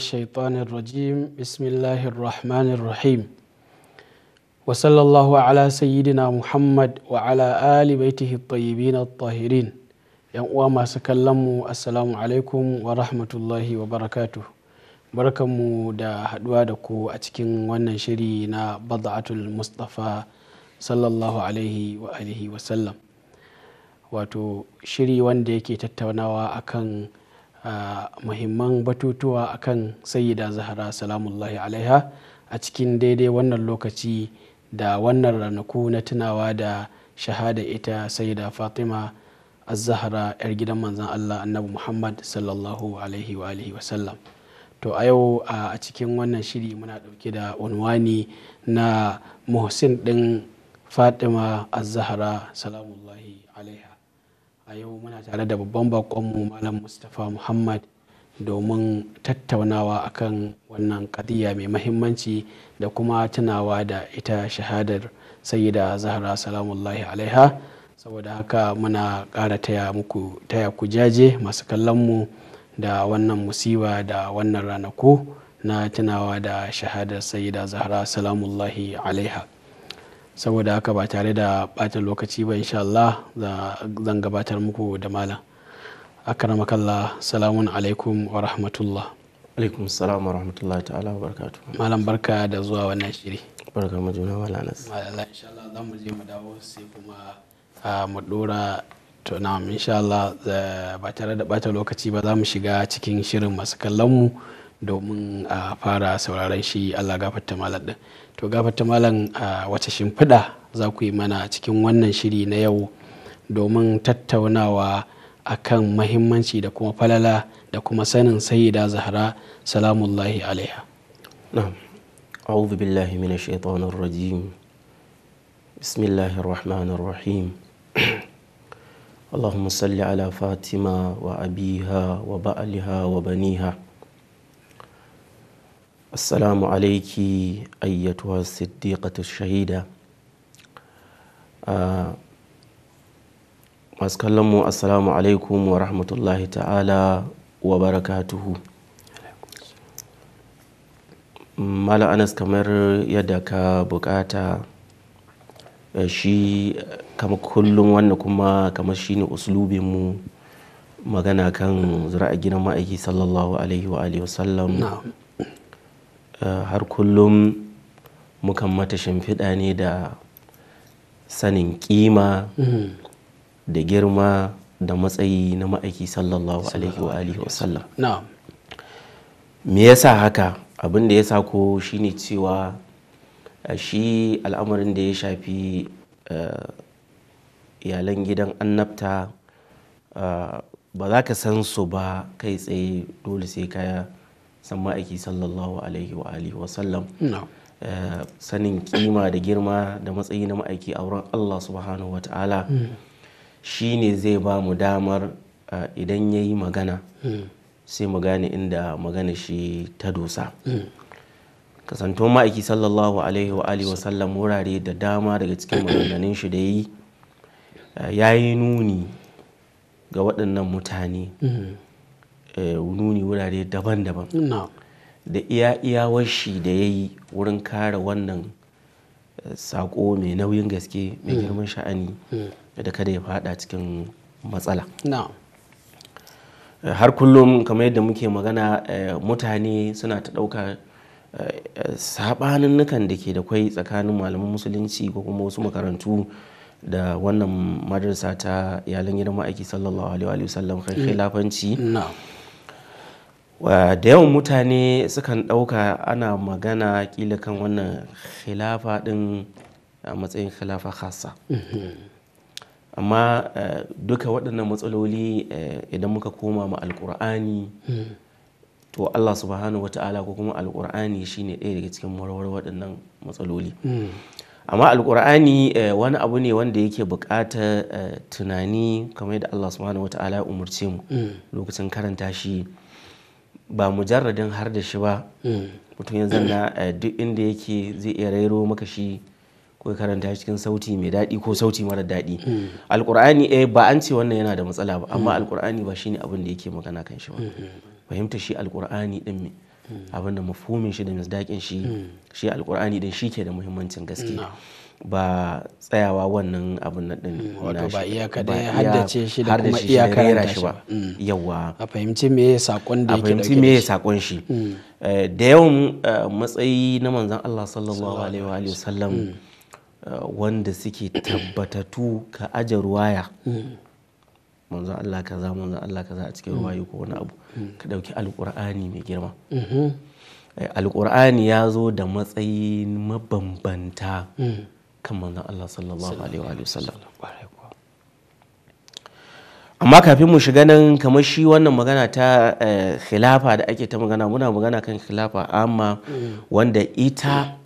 الشيطان الرجيم بسم الله الرحمن الرحيم وصلى الله على سيدنا محمد وعلى آل بيته الطيبين الطاهرين yan ما سكلم السلام عليكم ورحمة الله وبركاته barkanmu da haduwa da ku a cikin wannan shiri na bada'atul mustafa sallallahu alaihi wa alihi wato shiri wanda yake tattaunawa akan kan a muhimman batutuwa akan sayyida zahara salamullahi alaiha a cikin daidai wannan lokaci da wannan ranaku na tunawa da shahada ita sayyida fatima az-zahra yar gidan manzon allah annabi muhammad sallallahu alaihi wa alihi sallam to a yau a cikin wannan shiri muna dauke da unwani na muhsin din fatima az-zahra salamullahi alaiha a yau muna tare da babban bakonmu malam mustapha muhammad domin tattaunawa akan wannan kadiyya mai mahimmanci da kuma tunawa da ita shahadar sayyida zahra salamullahi alaiha saboda haka muna kara taya muku taya ku jaje masu kallonmu da wannan musiba da wannan ranaku na tunawa da shahadar sayyida zahra salamullahi alaiha saboda haka ba tare da ɓata lokaci ba insha Allah zan gabatar muku da malam makalla salamun alaikum wa rahmatullah alaikum salam wa rahmatullah ta'ala wa barakatu malam barka da zuwa wannan shiri barka mu juna wala nas malam insha Allah zan je mu dawo sai kuma mu dora to na insha Allah ba tare da bata lokaci ba za mu shiga cikin shirin masu kallon mu domin a fara sauraron shi Allah gafarta malam din to gafata malam a wace shimfiɗa za ku yi mana cikin wannan shiri na yau domin tattaunawa akan mahimmanci da kuma falala da kuma sanin sayida zahra salamullahi alaiha na'am a'udhu billahi minash shaitanir rajim bismillahir rahmanir rahim اللهم wa على فاطمة وأبيها وبنيها السلام ayyatuwa أيتها shahida الشهيدة ah, masu kallon mu assalamu alaikum wa rahmatullahi ta'ala wa barakatuhu mala anas kamar yadda ka bukata eh, shi kama kullum wanda kuma shi shine uslubinmu magana kan a gidan ma'aiki sallallahu alaihi wa sallam har kullum mukan mata shimfiɗa ne da sanin kima mm. da girma da matsayi na ma'aiki sallallahu alaihi wa alihi sallam me yasa haka abin da ya sa ko shine cewa shi al'amarin da ya shafi iyalan gidan annabta ba za ka san su ba kai tsaye dole sai kaya san ma'aiki sallallahu alaihi wa alihi wa sallam eh, sanin kima da girma da matsayi na ma'aiki a wurin Allah subhanahu wa ta'ala hmm. shi ne zai ba mu damar eh, idan ya yi magana hmm. sai mu gane inda magana shi ta dosa hmm. kasanto ma'aiki sallallahu alaihi wa alihi sallam wurare da dama daga cikin maganganun shi da yi eh, ya yi nuni ga waɗannan mutane Eh, nuni wurare daban-daban da iya iyawar shi da ya yi wurin kare wannan eh, sako mai nauyin gaske mai mm. girman sha'ani mm. da kada ya fada cikin matsala eh, har kullum kamar yadda muke magana mutane suna ta ɗauka nukan da ke da kwai tsakanin malaman musulunci ko kuma wasu makarantu da wannan madarsa ta iyalan gidan ma'aiki sallallahu alaihi wasallam kan mm. khilafanci da yawan mutane sukan ɗauka ana magana kila kan wannan khilafa ɗin a matsayin khilafa khasa mm-hmm. amma eh, duka waɗannan matsaloli eh, idan muka koma ma alƙur'ani mm-hmm. to Allah subhanahu wata'ala ko kuma alƙur'ani shine ɗaya daga cikin warware waɗannan matsaloli mm. amma alƙur'ani eh, wani abu ne wanda yake bukata tunani kamar da Allah subhanahu wata'ala ya umarce mu mm. lokacin karanta shi ba mujarradin har da shi ba hmm. mutum yanzu na eh, duk inda yake zai iya rairo maka shi ko karanta cikin sauti mai daɗi ko sauti mara daɗi hmm. alkur'ani eh ba an ce wannan yana da matsala ba amma hmm. alkur'ani ba shine abin da yake magana kan shi ba fahimta shi alkur'ani din me abin da mafhumin shi da misdaƙin shi shi alkur'ani din shi ke da muhimmancin gaske ba tsayawa wannan abin nan din mm, wato ba iyaka da ya haddace shi da kuma iyaka rera shi ba mm. yawa a fahimci me sakon da yake a fahimci me sakon shi mm. eh, da yawan eh, matsayi na manzon Allah sallallahu alaihi wa sallam eh, wanda suke tabbatatu ka aje ruwaya manzon Allah kaza manzon Allah kaza a cikin ruwayo ko wani abu ka dauki alqur'ani mai girma mm-hmm. alqur'ani ya zo da matsayi mabambanta kan manzon Allah sallallahu alaihi wa sallam amma kafin mu shiga nan kamar shi wannan magana ta eh, khilafa da ake ta magana muna magana kan khilafa amma mm. wanda ita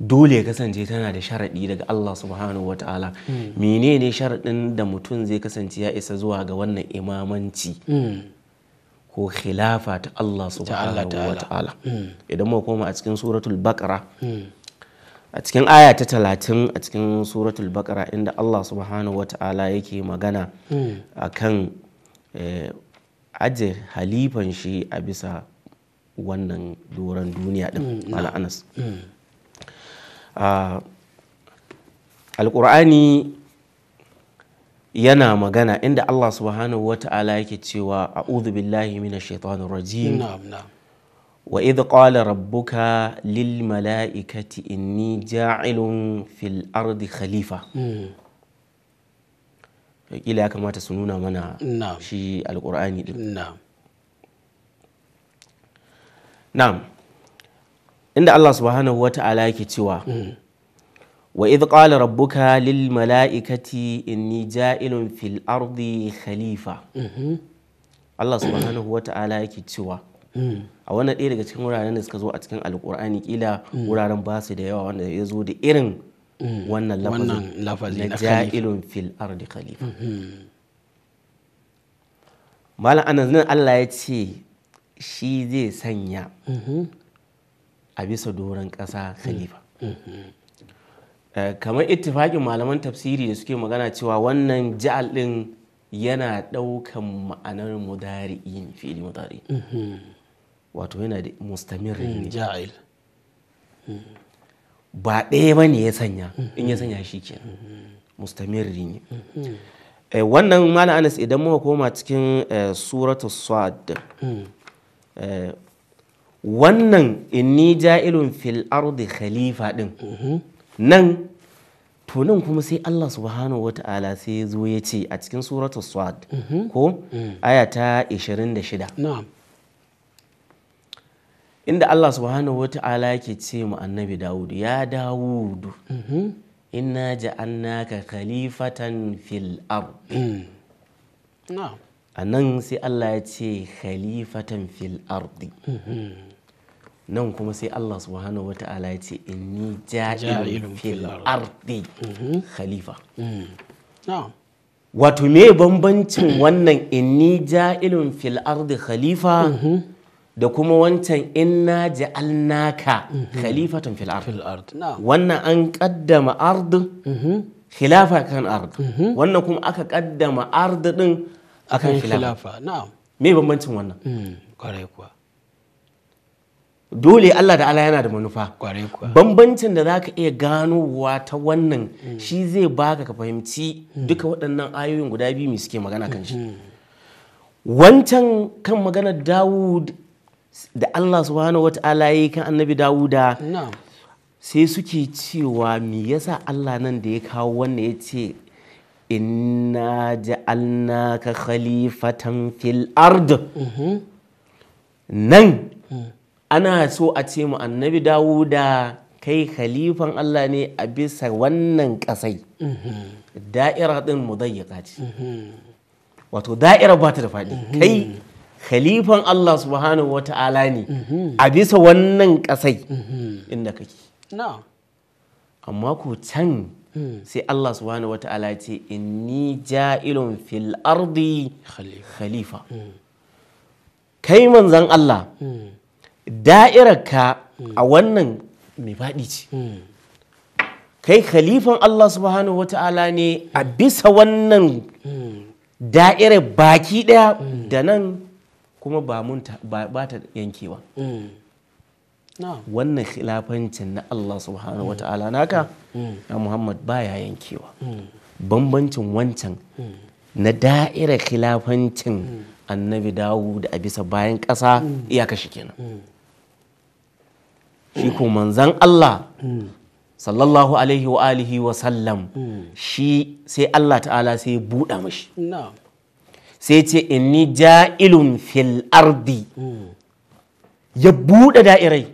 dole kasance tana da sharaɗi daga Allah subhanahu wata'ala mm. menene sharaɗin da mutum zai kasance ya isa zuwa ga wannan imamanci mm. ko khilafa ta Allah subhanahu wata'ala idan mu koma a cikin suratul baqara a cikin aya ta talatin a cikin suratul bakara inda Allah subhanahu wata'ala yake magana hmm. a kan eh, aje halifan shi a bisa wannan doron duniya din hmm, mala anas hmm. yana magana inda Allah subhanahu wata'ala yake cewa a'udhu billahi minash shaitanir rajim na'am na'am wa idh qala rabbuka lil mala'ikati inni ja'ilun fil ardi khalifa kila ya kamata su nuna mana shi alkur'ani din na'am inda Allah subhanahu wa ta'ala yake cewa hmm. wa idh qala rabbuka lil mala'ikati inni ja'ilun fil ardi khalifa mhm. Allah subhanahu wa a wannan ɗaya daga cikin wuraren da suka zo a cikin alkur'ani kila wuraren ba su da yawa wanda ya zo da irin wannan lafazin na ja'ilun fil ardi khalifa malam anas nan Allah ya ce shi zai sanya a bisa doron ƙasa khalifa eh, kamar ittifaƙin malaman tafsiri da suke magana cewa wannan ja'al din yana ɗaukan ma'anar mudari'in fili mudari'in wato yana da mustamir hmm, ne ja'il hmm. ba ɗaya ba ne ya sanya hmm, in ya sanya shi ke mustamir ne eh, wannan malam anas idan muka koma cikin eh, suratu swad eh, wannan inni ja'ilun fil ardi khalifa din nan to nan kuma sai Allah subhanahu ta'ala sai ya zo ya ce a cikin suratu swad ko aya ta 26 inda Allah subhanahu wa ta'ala yake ce mu annabi Dawud ya Dawud mm-hmm. inna ja'annaka khalifatan fil ard mm. a nan sai Allah ya ce khalifatan fil ardi mm-hmm. nan kuma sai Allah subhanahu wa ta'ala ya ce inni ja'ilun fil ardi mm-hmm. khalifa mm. wato me bambancin wannan inni ja'ilun fil ardi khalifa da kuma wancan inna ja'alnaka mhm. khalifatan fil ard wannan an kaddama ard mhm. khilafa kan ard mhm. wannan kuma aka kaddama ard din akan khilafa na'am me bambancin wannan mm, kwarai kuwa dole Allah da Allah yana da manufa kwarai kuwa bambancin da zaka iya ganowa ta wannan mm. shi zai baka ka fahimci mm. duka waɗannan ayoyin guda biyu mu suke magana kan shi mm-hmm. wancan kan maganar Dawud da Allah subhanahu wata'ala ya yi kan annabi Dawuda sai suke cewa me yasa Allah nan da ya kawo wannan ya ce inna ka khalifatan fil ard mm-hmm. nan mm. ana so a ce mu annabi Dawuda kai khalifan Allah ne a bisa wannan kasai mm-hmm. da'ira din mudayyaka ce mm-hmm. wato da'ira ba ta da faɗi kai khalifan Allah subhanahu wa ta'ala ne mhm. a bisa wannan kasai mhm. inda kake amma ko can hmm. sai Allah subhanahu wa ta'ala ce inni ja'ilun fil ardi khalifa hmm. kai manzan Allah hmm. da'irarka a wannan mai faɗi ce kai khalifan Allah subhanahu wa ta'ala ne a bisa wannan da'irar baki ɗaya da nan kuma ba ta yankewa mm. wannan khilafancin na Allah subhanahu wa ta'ala naka mm. na Muhammad baya yankewa mm. bambancin wancan na da'irar khilafancin annabi dawo da a bisa bayan ƙasa iyaka shi kenan shi ko manzan Allah sallallahu alaihi wa alihi wa sallam shi sai Allah ta'ala sai ya buɗa mashi sai ce in inni ja'ilun fil ardi ya buɗe da'irai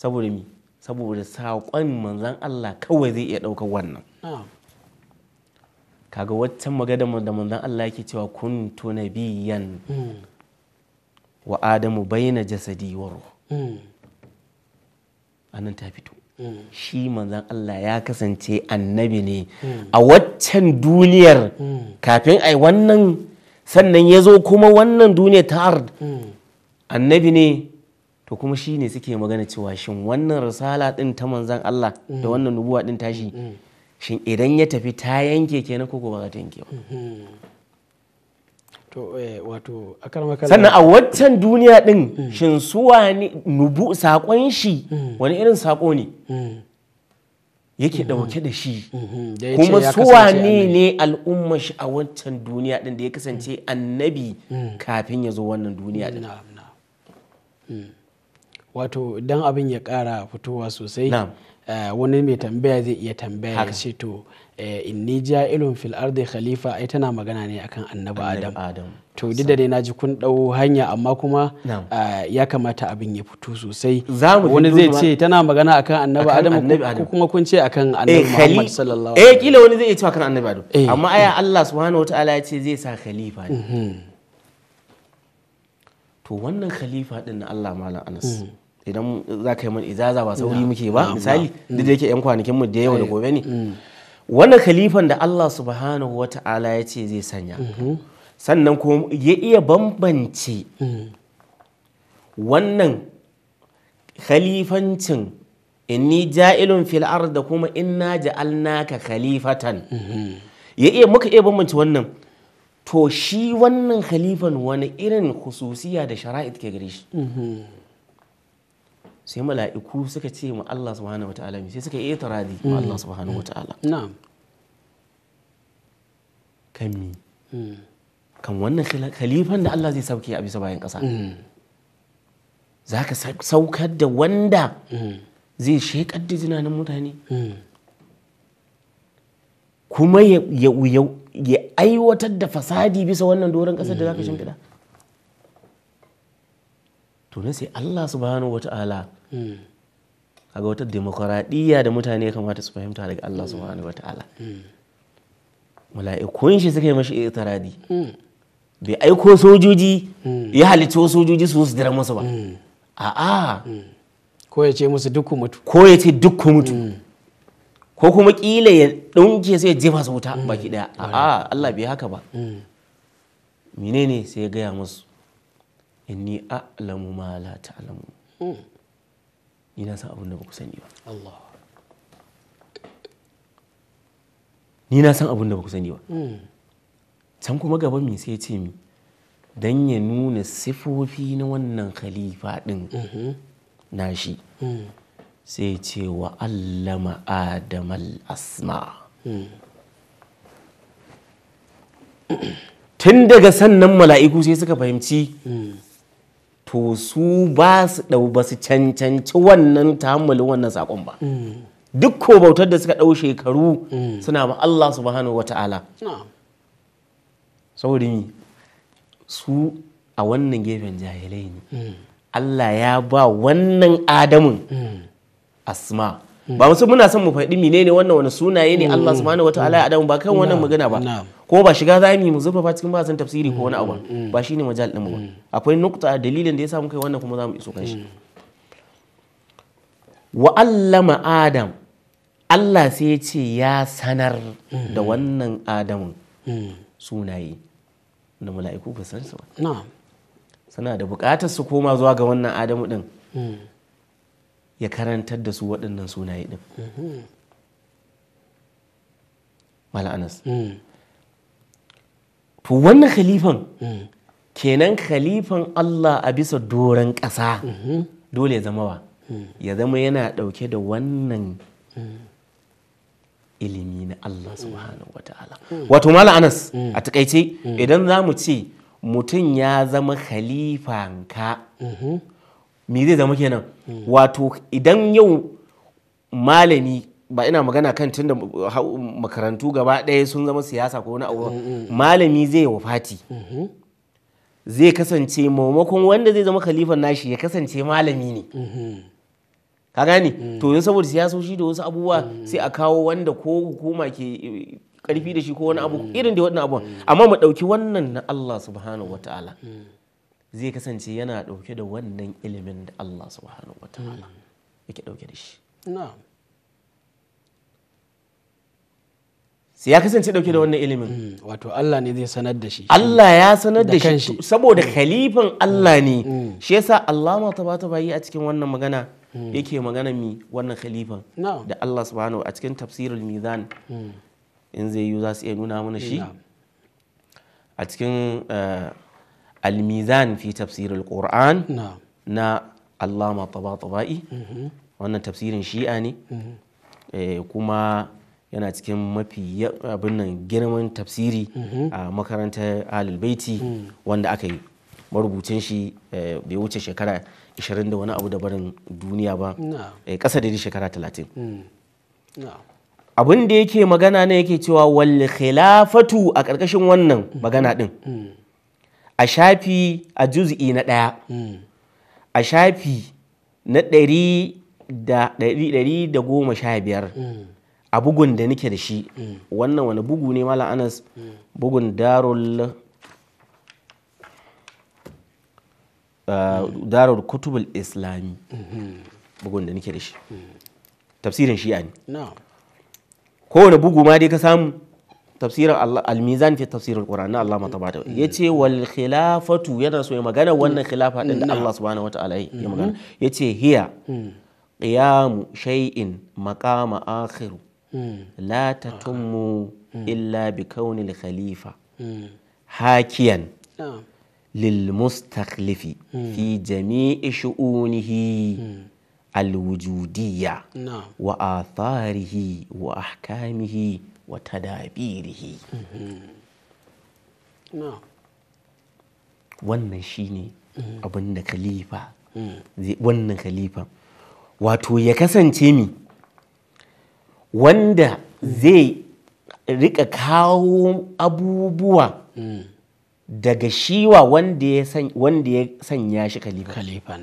saboda mi saboda saƙon manzan Allah kawai zai iya ɗaukar wannan kaga waccan magana da manzan Allah yake cewa kun tuna biyan hmm. wa adamu baina jasadi waro hmm. anan ta fito shi manzan Allah ya kasance annabi ne hmm. a waccan duniyar hmm. kafin ai wannan sannan ya zo kuma wannan duniyar ta ard hmm. annabi ne to kuma shi ne suke magana cewa shin wannan risala din ta manzan Allah da wannan nubuwa din tashi shin idan ya tafi ta yanke kenan ko ba ta yanke ba Eh, wato sannan a waccan duniya din shin suwa ne nubu sakon shi wani irin sako ne yake dauke da shi kuma suwa ne ne al'umma shi a waccan duniya din da ya kasance annabi kafin ya zo wannan duniya din hmm. wato dan abin ya kara fitowa sosai eh, wani mai tambaya zai iya tambaya ya ce to Eh, inni ja'ilun fil ardi khalifa ai tana magana ne akan annabi adam, to duk da dai na ji kun dau hanya amma kuma ah, ya kamata abin ya fito sosai wani zai ce tana magana akan annabi adam ko kuma kun ce akan eh, annabi muhammad sallallahu eh, alaihi eh kila wani zai ce akan annabi adam amma aya Allah subhanahu wataala ya ce zai sa khalifa mhm. to wannan khalifa din na Allah malam Anas hmm. idan za ka yi mun izaza ba sauri muke ba misali duk da yake yan kwanakin mu da yau da gobe ne hmm. wannan khalifan da Allah subhanahu wa ta'ala ya ce zai sanya mhm. sannan kuma ya iya bambance mhm. wannan khalifancin inni ja'ilun fil da kuma inna ja'alnaka khalifatan mhm. ya iya muka iya bambance wannan to shi wannan khalifan wani irin khususiya da shara'id ke gare shi sai mala'iku suka ce ma Allah subhanahu ta'ala, sai suka yi itiradi ma hmm. Allah subhanahu ta'ala na'am kan mi hmm. kan wannan khalifan da Allah zai sauke a bisa bayan ƙasa hmm. zaka saukar da wanda zai shekar da jinanin mutane kuma ya aiwatar da fasadi bisa wannan doron ƙasar da zaka shimfiɗa to sai Allah subhanahu wata'ala hmm. kaga wata demokaradiyya da mutane ya kamata su fahimta daga Allah hmm. subhanahu wata'ala hmm. mala'ikun shi suka yi mashi itiradi bai aiko sojoji ya halicci sojoji su su dira masa ba a'a ko ya ce musu dukku mutu ko ya ce dukku mutu ko kuma kila ya ɗauke sai ya jefa su wuta baki daya a'a Allah bai haka ba menene sai ya gaya musu inni a'lamu ma la ta'lamu ni na san abin da ba sani ba ni na san abin da ba sani ba hmm. can kuma gaba me sai ce mi dan ya nuna sifofi na wannan khalifa din mm-hmm. nashi hmm. sai ce wa allama adamal asma hmm. tun daga sannan mala'iku sai suka fahimci to su ba su ɗau ba su cancanci wannan tahammali wannan saƙon ba duk ko bautar da suka ɗau shekaru suna ba Allah subhanahu wa ta'ala saboda su a wannan gefen jahilai ne hmm. Allah ya ba wannan adamin hmm. asma ba musu muna son mu faɗi menene wannan wani sunaye ne Allah subhanahu wataala ya adamu ba kan wannan magana ba ko ba shiga zamu mu zurfafa cikin bahasin tafsiri ko wani abu ba mm, mm, mm. shine majal din mu ba akwai nukta dalilin da yasa mun kai wannan kuma zamu iso kan shi wa allama adam Allah sai ya ce ya sanar da wannan adamun sunaye da mala'iku ba san su ba sana da bukatar su koma zuwa ga wannan adamu din ya karantar da su waɗannan sunaye ɗin mala anas to wannan khalifan kenan khalifan Allah a bisa doron ƙasa dole ya zama wa ya zama yana ɗauke da wannan ilimi na Allah subhanahu wa ta'ala wato mala anas a taƙaice idan za mu ce mutum ya zama khalifan ka me zai zama kenan wato idan yau malami ba ina magana kan tunda makarantu gaba ɗaya sun zama siyasa ko wani abu mm, mm, mm. malami zai Fati. Mm-hmm. zai kasance maimakon wanda zai zama khalifan nashi ya kasance malami ne mm-hmm. ka gane to yin saboda siyasoshi da wasu abubuwa sai a kawo wanda ko hukuma ke eh, karfi da shi ko wani abu irin da waɗannan abu amma mu ɗauki wannan na Allah subhanahu wataala zai kasance yana dauke da wannan ilimin da Allah subhanahu wa ta'ala yake dauke da shi sai ya kasance dauke da wannan ilimin mm, wato Allah ne zai sanar da shi Allah ya sanar da shi saboda mm. khalifan Allah ne mm. shi yasa Allah ma ta bata bayi a cikin wannan magana yake magana mi wannan khalifan da Allah subhanahu a cikin tafsirul mizan in zai yi za su iya nuna mana shi a cikin eh, almizan fi tafsirul qur'an na allama tabatabai wannan tafsirin shi'a ne kuma yana cikin mafi abin nan girman tafsiri a makarantar baiti wanda aka yi marubucin shi bai wuce shekara 20 da wani abu da barin duniya ba ƙasa da shekara 30 abin da yake magana ne yake cewa wal khilafatu a ƙarƙashin wannan magana din a shafi a juz'i na ɗaya hmm. a shafi na ɗari da goma sha biyar hmm. a bugun da nake da shi hmm. wannan wani bugu ne mala anas bugun darul eh, darul kutubul islami bugun da nake da shi tafsirin shi'a ne kowane bugu ma dai ka samu tafsirin al-mizan fi tafsirin qur'an na Allah matabata yace wal khilafatu yana so ya magana wannan khilafa din da Allah subhanahu wataala ya mm-hmm. magana yace hiya mm. qiyamu shay'in maqama akhiru mm. la tatummu mm. illa bi kauni khalifa hakiyan lil mustakhlifi fi jami'i shu'unihi الوجودية wa ahkamihi wa tadabirihi wannan ne mm-hmm. abin da khalifa mm-hmm. wannan khalifa wato ya kasance mi wanda mm-hmm. zai rika kawo abubuwa mm. daga shiwa wanda ya sanya shi khalifa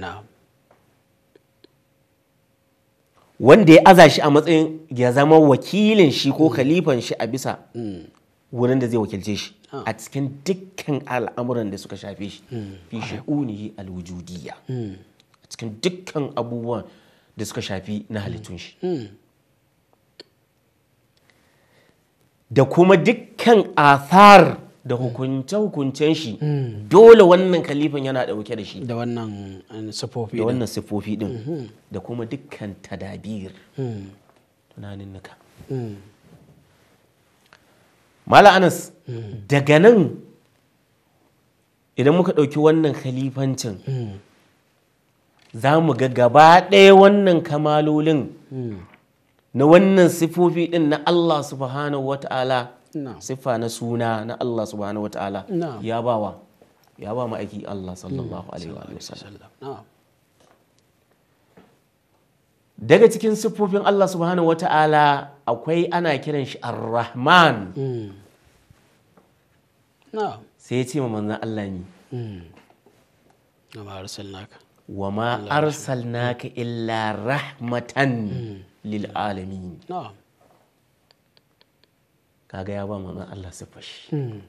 wanda ya aza shi a matsayin ya zama wakilin shi ko mm. khalifan shi a bisa mm. wurin da zai wakilce shi ah. a cikin dukkan al'amuran da suka shafe shi mm. fi alwujudiyya a cikin dukkan abubuwan da suka shafi na halittun shi da kuma dukkan athar da hmm. hukunce-hukuncen shi hmm. dole wannan kalifan yana dauke da shi da wannan eh, sifofi da wannan sifofi din hmm. da kuma dukkan tadabir tunanin nuka mala anas daga nan idan muka ɗauki wannan khalifancin za mu ga gaba ɗaya wannan kamalolin na wannan sifofi din na Allah subhanahu wa ta'ala siffa na suna na Allah subhanahu Ta'ala, ya bawa ya ba ma'aiki Allah sallallahu alaihi wa sallam daga cikin siffofin Allah subhanahu Ta'ala akwai ana kiran shi ar-rahman mm. sai ya ce ma manzan Allah ni mm. wa ma arsalnaka illa rahmatan mm. lil alamin na'am kaga ya ba manzon Allah siffar shi hmm.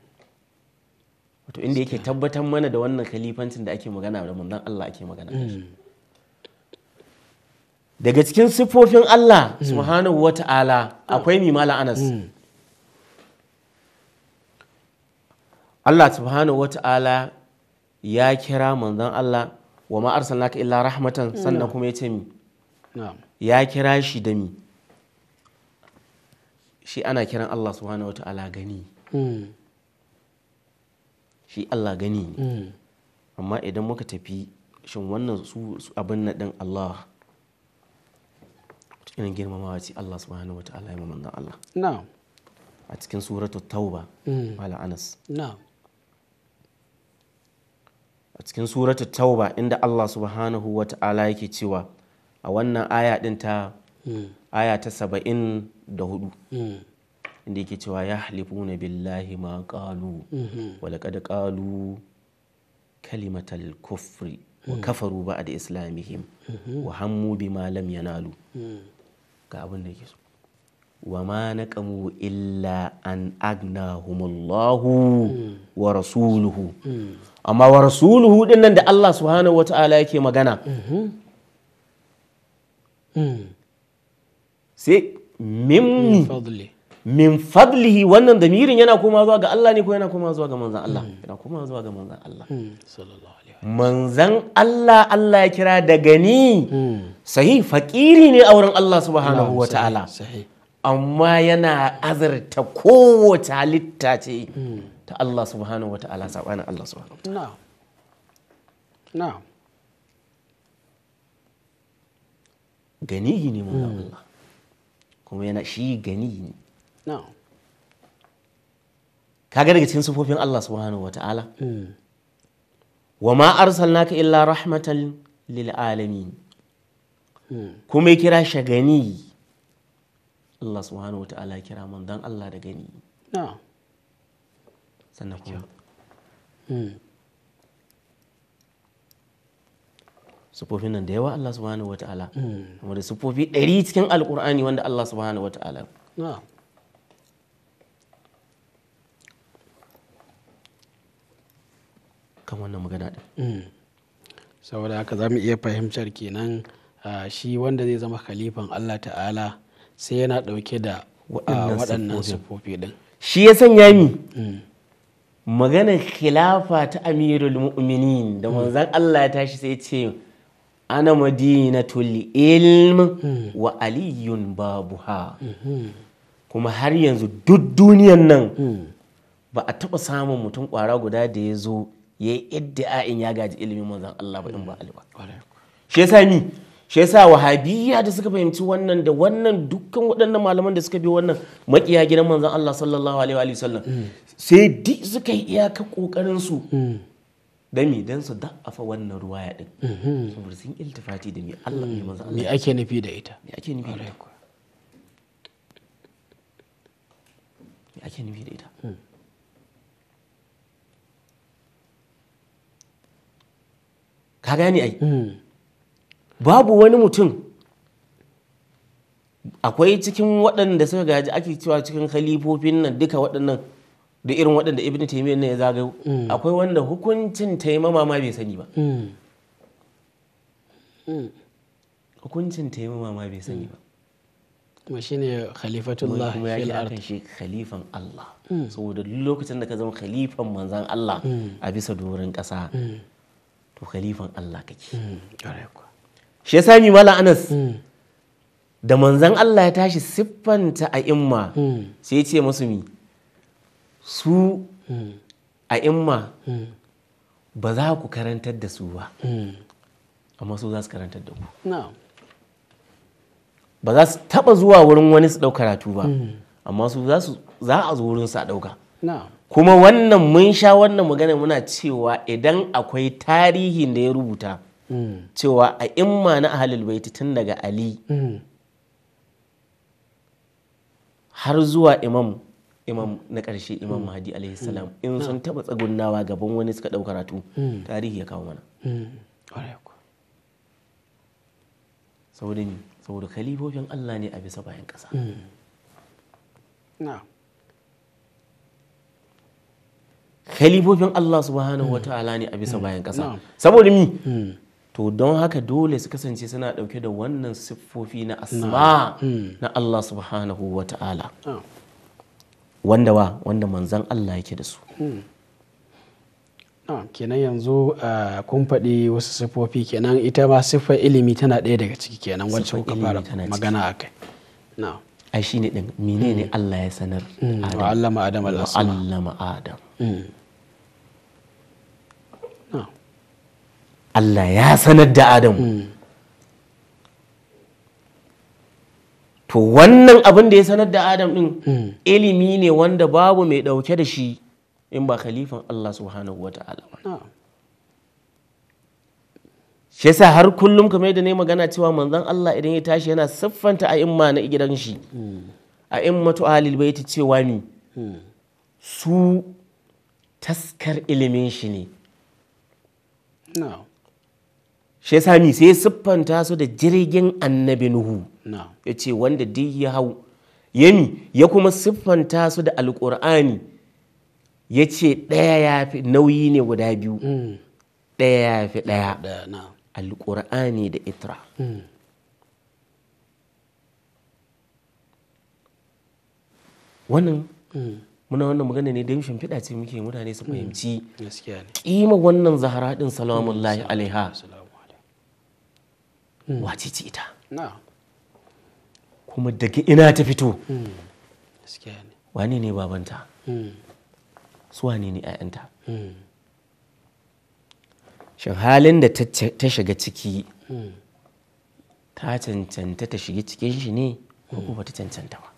wato inda yake tabbatar mana da wannan khalifancin da ake magana da manzon Allah ake magana hmm. daga cikin siffofin Allah hmm. subhanahu wata'ala akwai mimala anas Allah subhanahu wata'ala ya kira manzon Allah wa ma arsalnaka illa rahmatan sannan kuma ya ce mi ya kira shi da mi shi ana kiran Allah subhanahu wata'ala gani hmm. shi Allah gani ne hmm. amma idan muka tafi shin wannan su abin na Allah irin girmamawa ce Allah subhanahu wata'ala ya mamanzan Allah a cikin suratul tauba wala hmm. anas a cikin suratul tauba inda Allah subhanahu wa ta'ala yake cewa a wannan aya ɗin ta aya ta saba'in da hudu inda yake cewa ya halifuna billahi ma kalu. Wala kada kalu kalimatal kufri wa kafaru ba da islamihim wa hammu malam lam yanalu ga abin da yake so wa ma naqamu illa an agnahumullahu wa rasuluhu amma wa rasuluhu din nan da Allah subhanahu wata'ala yake magana sai min fadli min fadlihi wannan damirin yana koma zuwa ga Allah ne ko yana koma zuwa ga manzan Allah hmm. yana koma zuwa ga manzan Allah hmm, manzan Allah Allah ya kira da gani hmm. sahi fakiri ne a wurin Allah subhanahu wa ta'ala amma yana azarta kowace halitta ce ta Allah subhanahu wa ta'ala sabanin Allah subhanahu wa ta'ala gani ganihi ne manzan Allah kuma yana shi gani ne kaga daga cikin sufofin Allah subhanahu wa ta'ala mm. wa ma illa rahmatan lil alamin mm. kuma kira shi gani Allah subhanahu wa ta'ala kira dan Allah da gani sannan kuma mm. sufofin nan da yawa Allah subhanahu wataala kuma hmm. da sufofi ɗari cikin alkur'ani wanda Allah subhanahu wataala kan wannan magana din hmm. saboda haka za mu iya fahimtar kenan shi wanda zai zama khalifan Allah ta'ala sai yana ɗauke da waɗannan sufofi din shi ya sanya mi hmm. maganar khilafa ta amirul mu'minin da manzon Allah ya tashi sai ya ce ana madinatul ilm wa aliyun babuha kuma har yanzu duk duniyan nan ba a taɓa samun mutum ƙwara guda da ya zo ya yi iddia'in ya gaji ilimin manzan Allah ba in ba Ali ba shi yasa ni shi yasa wahabiyya da suka fahimci wannan da wannan dukkan waɗannan malaman da suka bi wannan makiya gidan manzan Allah sallallahu alaihi wa sallam mm. sai duk suka yi iyaka kokarin su mm. dami don su da'afa wannan ruwa ya din mhm. saboda sun iltifati da me Allah mai manzo Allah me ake nufi da ita me ake nufi da ita me ake nufi da ita hmm. ka gane ai hmm. babu wani mutum akwai cikin waɗanda suka gaji ake cewa cikin khalifofin nan duka waɗannan da irin waɗanda ibn taymiyyah ne ya zagayo mm. akwai wanda hukuncin taimama ma bai sani ba mm. Mm. hukuncin taimama ma bai sani ba kuma shine khalifatullah kuma yake akan shi khalifan Allah saboda lokacin da ka zama khalifan manzan Allah a bisa doron ƙasa to khalifan Allah kake shi yasa mi mala Anas da manzan Allah ya tashi siffanta a imma sai ya ce musu mi su a imma ba za ku karantar da su ba amma su za su karantar da ku ba za su taba zuwa wurin wani su ɗau karatu ba amma su za a zo wurin su a ɗauka kuma wannan mun sha wannan magana muna cewa idan akwai tarihin da ya rubuta cewa a imma na ahalul baiti tun daga ali mm. har zuwa imam imam na ƙarshe imam mm. mahdi alaihi mm. salam in sun taɓa tsagunnawa gaban wani suka ɗau karatu mm. tarihi ya kawo mana saboda ni saboda kalifofin allah ne a bisa bayan ƙasa khalifofin Allah subhanahu wa ta'ala ne a bisa bayan ƙasa saboda mi to don haka dole su kasance suna ɗauke da wannan siffofi na asma na Allah subhanahu wa ta'ala wanda wa wanda manzan Allah yake da su hmm. ah, kenan yanzu ah, kun faɗi wasu siffofi kenan ita ma siffar ilimi tana ɗaya daga ciki kenan wacce kuka fara magana a kai ai shi ne ɗin mene ne hmm. Allah ya sanar hmm. wa Allah ma'adam Allah ma'adam Allah ya sanar da adam. to wannan abin da ya sanar da adam din hmm. ilimi ne wanda babu mai dauke da shi in ba khalifan Allah subhanahu wa ta'ala ba shi yasa har kullum kamar yadda ne magana cewa manzon Allah idan ya tashi yana siffanta a imma na gidan shi hmm. a immatu ahlil baiti cewa ni hmm. su taskar ilimin shi ne shi yasa ni sai siffanta su da jirgin annabi Nuhu ya ce wanda duk ya hau yami ya kuma siffanta su da alkur'ani ya ce ɗaya ya fi nauyi ne guda biyu mm. ɗaya ya fi ɗaya alkur'ani da itra mm. wannan mm. muna wannan magana ne don shimfiɗa ce muke mutane su fahimci ƙima wannan zahara ɗin salamun lahi alaiha wace ce ita kuma daga ina ta fito wane ne babanta hmm. su wane ne 'ya'yanta hmm. shin halin da ta shiga ciki hmm. ta cancanta ta shiga cikin shi ne ko kuma ta cancanta ba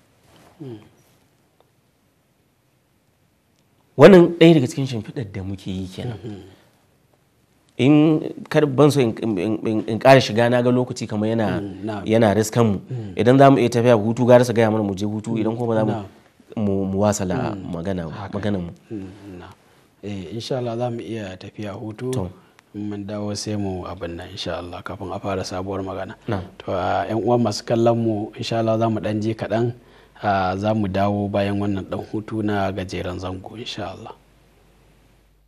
wannan ɗaya daga cikin shimfiɗar da muke yi kenan in kar ban so in kara shiga na ga lokaci kamar yana mm, yana riskan mu mm. idan za mu iya tafiya hutu gara su gaya mana mu je hutu idan kuma za mu mu wasala mm. magana magana mu eh insha Allah za mu iya tafiya hutu mun dawo sai mu abin nan insha Allah kafin a fara sabuwar magana to yan uwan masu kallon mu insha Allah za mu dan je kaɗan za mu dawo bayan wannan dan hutu na gajeren zango insha Allah